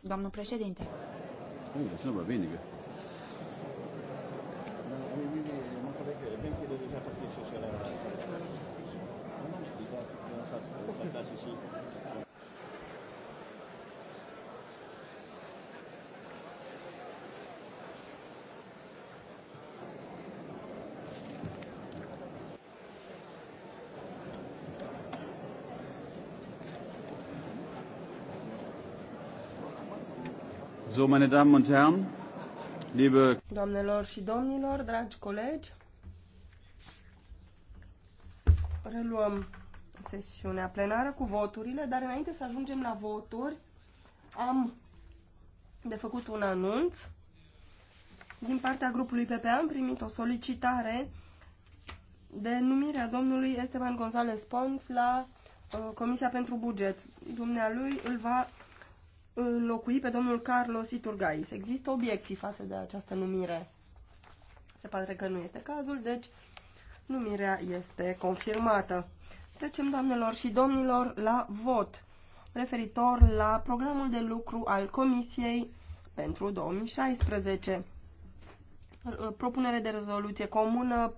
Domnul președinte. Nu, nu vă bine. So, meine Damen und Herren, liebe Doamnelor și domnilor, dragi colegi, reluăm sesiunea plenară cu voturile, dar înainte să ajungem la voturi, am de făcut un anunț. Din partea grupului PPA am primit o solicitare de numirea domnului Esteban González Pons la uh, Comisia pentru Buget. Dumnealui îl va înlocui pe domnul Carlos Iturgais. Există obiecții față de această numire? Se pare că nu este cazul, deci numirea este confirmată. Trecem, doamnelor și domnilor, la vot referitor la programul de lucru al Comisiei pentru 2016. Propunere de rezoluție comună